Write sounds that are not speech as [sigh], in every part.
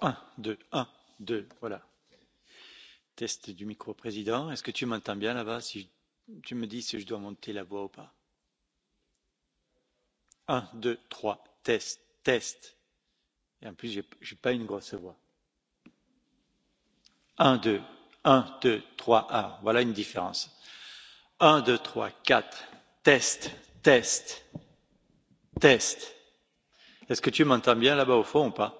1 2 1 2 voilà test du micro président est-ce que tu m'entends bien là-bas si tu me dis si je dois monter la voix ou pas 1 2 3 test test et en plus j'ai pas une grosse voix 1 2 1 2 3 ah voilà une différence 1 2 3 4 test test test est-ce que tu m'entends bien là-bas au fond ou pas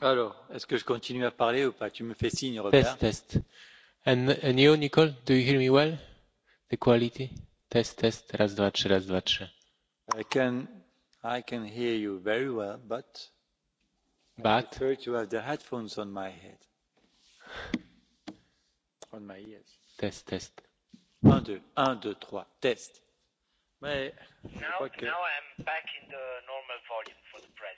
Alors, est-ce que je continue à parler ou pas Tu me fais signe, Robert. Test, test. And, and you, Nicole, do you hear me well? The quality? Test, test. Raz, dva, trzy, raz, dva, trzy. I can, I can hear you very well, but... But? I prefer to have the headphones on my head. On my ears. Test, test. Un, deux, un, deux, trois. Test. Mais, now, que... now I'm back in the normal volume for the present.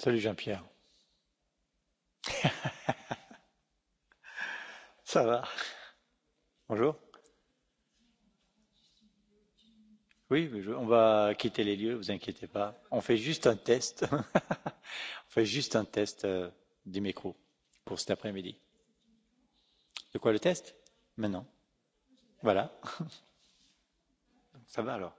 salut Jean-Pierre. [laughs] Ça va. Bonjour. Oui, on va quitter les lieux, vous inquiétez pas. On fait juste un test. [laughs] On fait juste un test euh, des micros pour cet après-midi. De quoi le test Maintenant. Voilà. [laughs] Ça va alors.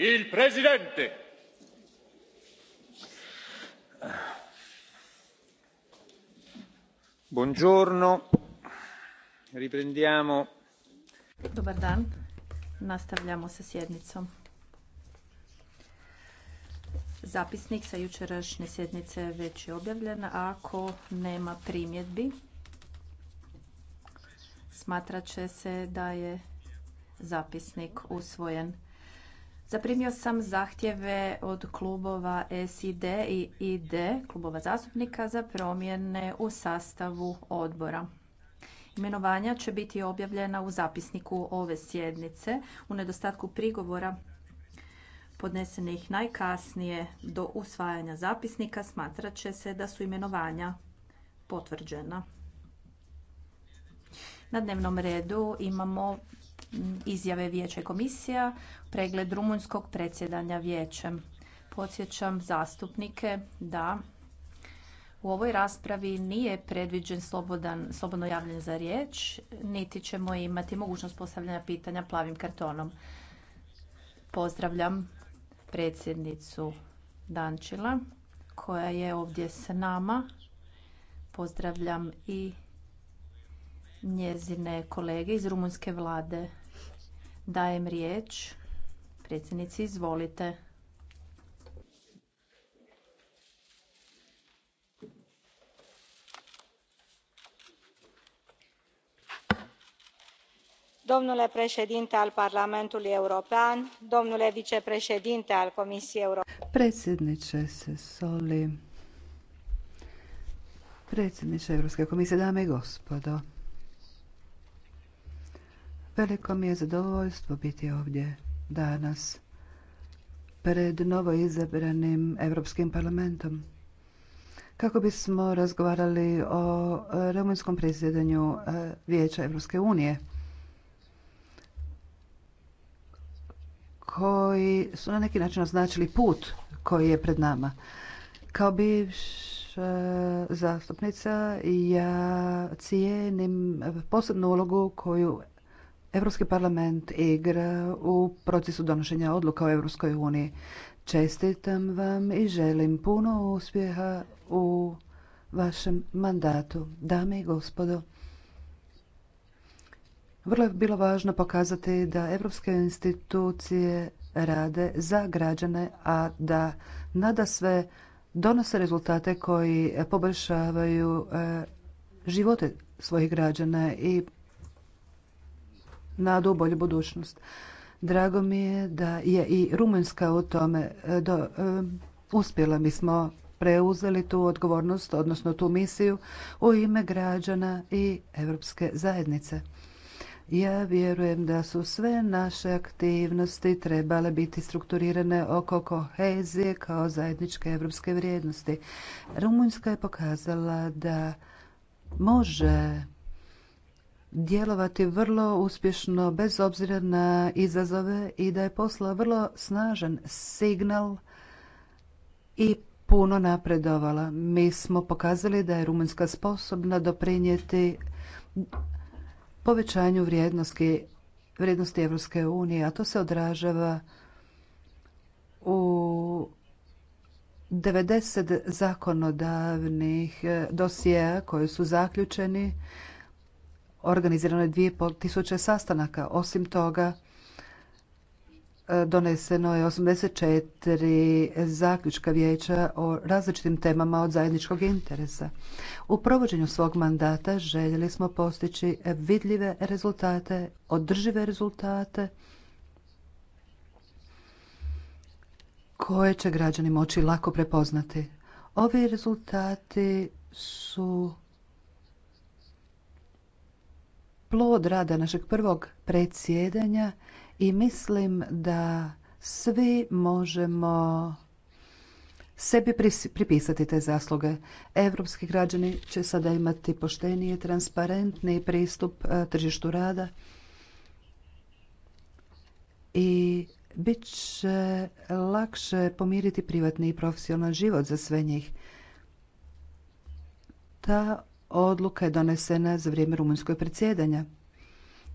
il presidente buongiorno riprendiamo dobar dan nastavljamo sa sjednicom zapisnik sa jučerašnje sjednice već je objavljen ako nema primjedbi smatrat će se da je zapisnik usvojen Zaprimio sam zahtjeve od klubova SID i ID, klubova zastupnika, za promjene u sastavu odbora. Imenovanja će biti objavljena u zapisniku ove sjednice. U nedostatku prigovora podnesenih najkasnije do usvajanja zapisnika smatrat će se da su imenovanja potvrđena. Na dnevnom redu imamo izjave vijeća komisija, pregled rumunjskog predsjedanja vijećem. Podsjećam zastupnike da u ovoj raspravi nije predviđen slobodan, slobodno javljanje za riječ, niti ćemo imati mogućnost postavljanja pitanja plavim kartonom. Pozdravljam predsjednicu Dančila koja je ovdje s nama. Pozdravljam i njezine kolege iz rumunjske vlade. Dajem riječ. Predsjednici, izvolite. Domnule președinte al Parlamentului European, domnule vicepreședinte al Comisiei Europene. Predsjedniče Soli, predsjedniče Europske komisije, dame i gospodo. Veliko mi je zadovoljstvo biti ovdje danas pred novo izabranim Europskim parlamentom kako bismo razgovarali o rumunjskom predsjedanju e, Vijeća Europske unije koji su na neki način označili put koji je pred nama. Kao bivša zastupnica ja cijenim posebnu ulogu koju Europski parlament igra u procesu donošenja odluka u Europskoj uniji. Čestitam vam i želim puno uspjeha u vašem mandatu. Dame i gospodo, vrlo je bilo važno pokazati da europske institucije rade za građane, a da nada sve donose rezultate koji poboljšavaju e, živote svojih građana i nadu u bolju budućnost. Drago mi je da je i Rumunjska u tome e, do, e, uspjela. Mi smo preuzeli tu odgovornost, odnosno tu misiju u ime građana i Europske zajednice. Ja vjerujem da su sve naše aktivnosti trebale biti strukturirane oko kohezije kao zajedničke europske vrijednosti. Rumunjska je pokazala da može djelovati vrlo uspješno bez obzira na izazove i da je poslao vrlo snažan signal i puno napredovala. Mi smo pokazali da je Rumunjska sposobna doprinijeti povećanju vrijednosti, vrijednosti Evropske unije, a to se odražava u 90 zakonodavnih dosjea koji su zaključeni organizirano je 2500 sastanaka. Osim toga, e, doneseno je 84 zaključka vijeća o različitim temama od zajedničkog interesa. U provođenju svog mandata željeli smo postići vidljive rezultate, održive rezultate koje će građani moći lako prepoznati. Ovi rezultati su plod rada našeg prvog predsjedanja i mislim da svi možemo sebi pripisati te zasluge. Evropski građani će sada imati poštenije, transparentni pristup e, tržištu rada i bit će lakše pomiriti privatni i profesionalni život za sve njih. Ta odluka je donesena za vrijeme rumunjskog predsjedanja.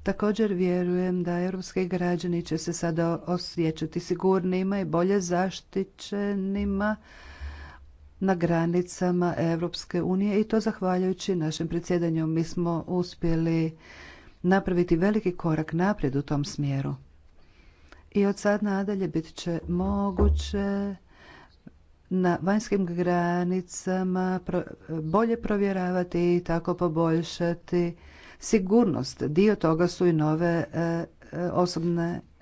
Također vjerujem da europski građani će se sada osjećati sigurnijima i bolje zaštićenima na granicama Europske unije i to zahvaljujući našem predsjedanju. Mi smo uspjeli napraviti veliki korak naprijed u tom smjeru. I od sad nadalje bit će moguće na vanjskim granicama bolje provjeravati i tako poboljšati sigurnost. Dio toga su i nove e, e, osobne